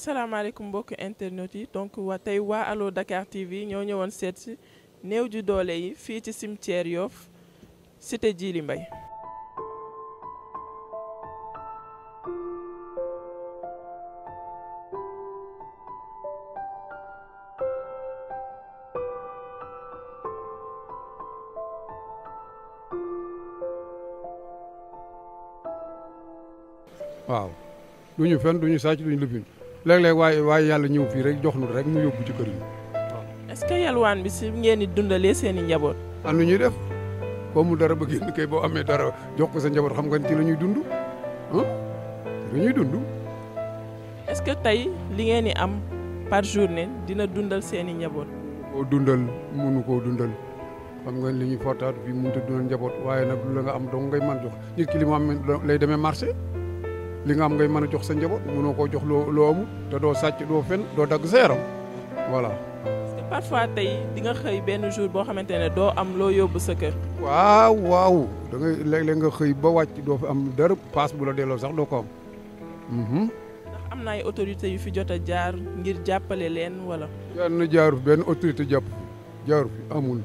asalaamaaleykum mbokki internet yi donc wa tay wa Allo Dakar TV ñoo ñewon seet si néew ju doole yi fii ci cimetière yof cité Djily mbay waaw duñu fenn duñu sàcc duñu lëbin leg leg way way yalla ñew fi rek jox nu rek mu yobbu ci kër yi. est-ce que waan bi si ngeen di dundale seen njabot njaboot. ñuy def boo mu dara bëgg ni kay bo amé dara jox ko sa njabot xam nga ci lañuy dundu hmm lañuy dundu est-ce que tay li ngeen ni am par journée dina dundal seen njabot njaboot. dundal mënu ko dundal xam nga li ñuy fortaat bi mënut a dundal njaboot waaye nag lu la nga am do ngay man jox nit ki li mo am lay démé marché li nga am ngay mëna jox sa njaboot mëno ko jox lo loo amul te do sacc do fen do dag sa voilà. parce parfois tay di nga xey ben jour bo xamantene do am lo yobbu sa kër. waaw waaw da ngay leg leg nga xey ba wacc do fi am dar paas bu la delo sax do ko am. Mhm. ndax am na ay autorité yu fi jotta jaar ngir jappalé len wala. ben jaar ben autorité japp jaar fi amul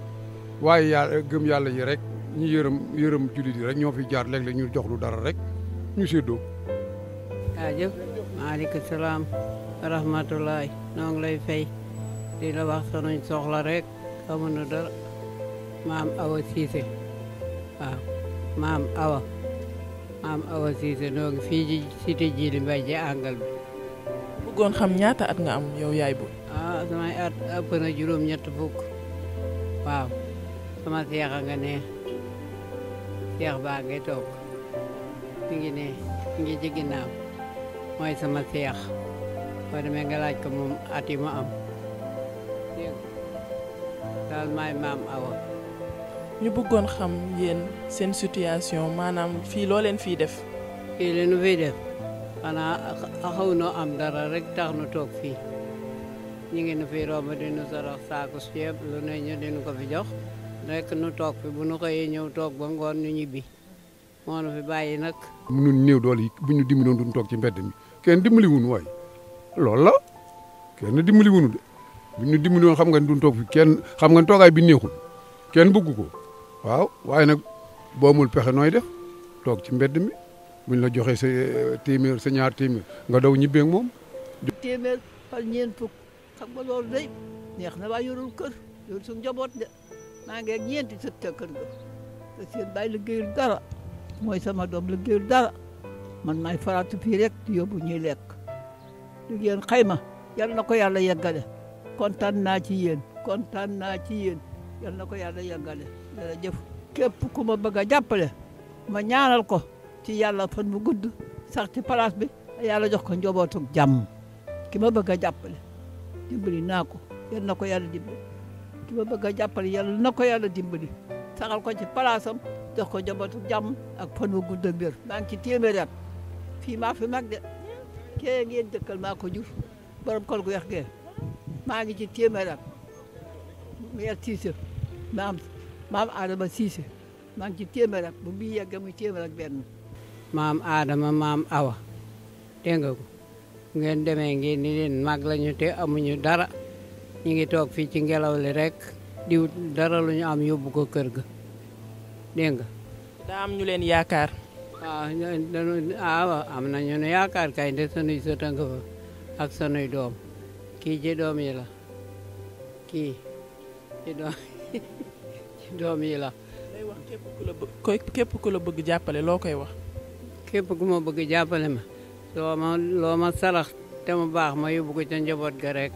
waaye ya gëm yalla yi rek ñu yërëm yërëm julit yi rek ñofi jaar leg leg ñu jox lu dara rek ñu seddo jaajëf maaleykum salaam rahmatulahi noo lay fay di la wax sanuñ soxla rek xamuñu dara maam Awa Cissé waaw ah, maam Awa maam Awa Cissé noo ngi fii ci cité Djily Mbaye ci àngal bi. bëggoon xam ñaata at nga am yow yaay bu. ah samay at ëpp na ñett sama seex a nga neex seex baa ngay toog ngi ne ngi ci ginnaaw. mooy sama seex boo demee nga laaj ko moom at yi ma am dégg daal maay maam awa ñu bëggoon xam yéen seen situation maanaam fii loo leen fii def fii leen nu fiy def xanaa xaw noo am dara rek tax nu toog fii ñu ngi nu fiy romb di nu sorox saaku ceeb lu ne ñu dinu ko fi jox rek nu toog fi bu nu xëyee ñëw toog ba ngoon ñu ñibbi moo la fi bàyyi nag. ñun néew doole yi bu ñu dimbali woon toog ci mbedd mi kenn dimbali wuñu waay loolu la kenn dimbali wuñu de bu ñu xam nga duñ toog fi kenn xam nga toogaay bi neexul kenn bëgg ko waaw waaye nag boo amul pexe nooy def toog ci mbedd mi buñ la joxe sa eh, téeméer sa ñaar téeméer nga dow ñibbee ak moom. téeméer fan ñeent fukk xam nga loolu day neex na waaye yorul kër yorul suñu njaboot de maa ñeen ak ñeenti sët ca kër ga te seen bàyyi liggéeyul mooy sama doom liggéeyul dara man maay faratu fii rek di yóbbu ñuy lekk liggéeyal xayma yal na ko yàlla yeggale kontaan naa ci yéen kontaan naa ci yéen yal na ko yàlla yeggale jërëjëf képp ku ma bëgg a jàppale ma ñaanal ko ci yàlla fan mu gudd sax ci palaas bi yàlla jox ko njobootug jàmm ki ma bëgg a jàppale naa ko yal na ko yàlla dimbali ki ma bëgg a jàppale yal ko yàlla dimbali saxal ko ci palaasam jox ko njabootu jàmm ak fan wu gudd ak wér maa ngi ci téeméeri at fii maa fi mag de kee ngeen dëkkal maa ko jur borom kol gu weex gee ngi ci téeméeri at meer Siise maam maam Adama maa ngi ci téeméeri at bu bii yeggee muy téeméer ak benn. maam Adama maam Awa dégg ko ngeen demee ngi ni leen lañu te amuñu dara ñu ngi toog fii ci ngelaw li rek di dara lu am yóbbu ko kër ga. dégg nga. daa am ñu leen yaakaar. Ah, ah, waaw ah am na ñu ne yaakaar kay de sunuy sët a fa ak sunuy doom kii ji doom yi la kii ci doom yi la. day képp ku la bëgg képp jàppale loo koy wax. képp ku ma bëgg jàppale ma loo ma sarax te mu baax ma yóbbu ko ca njaboot ga rek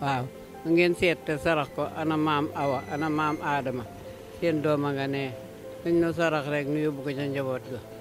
waaw ngeen seet te sarax ko ana maam Awa ana maam Adama seen doom nga nee. dañ la sarax rek nuyu bu ko ca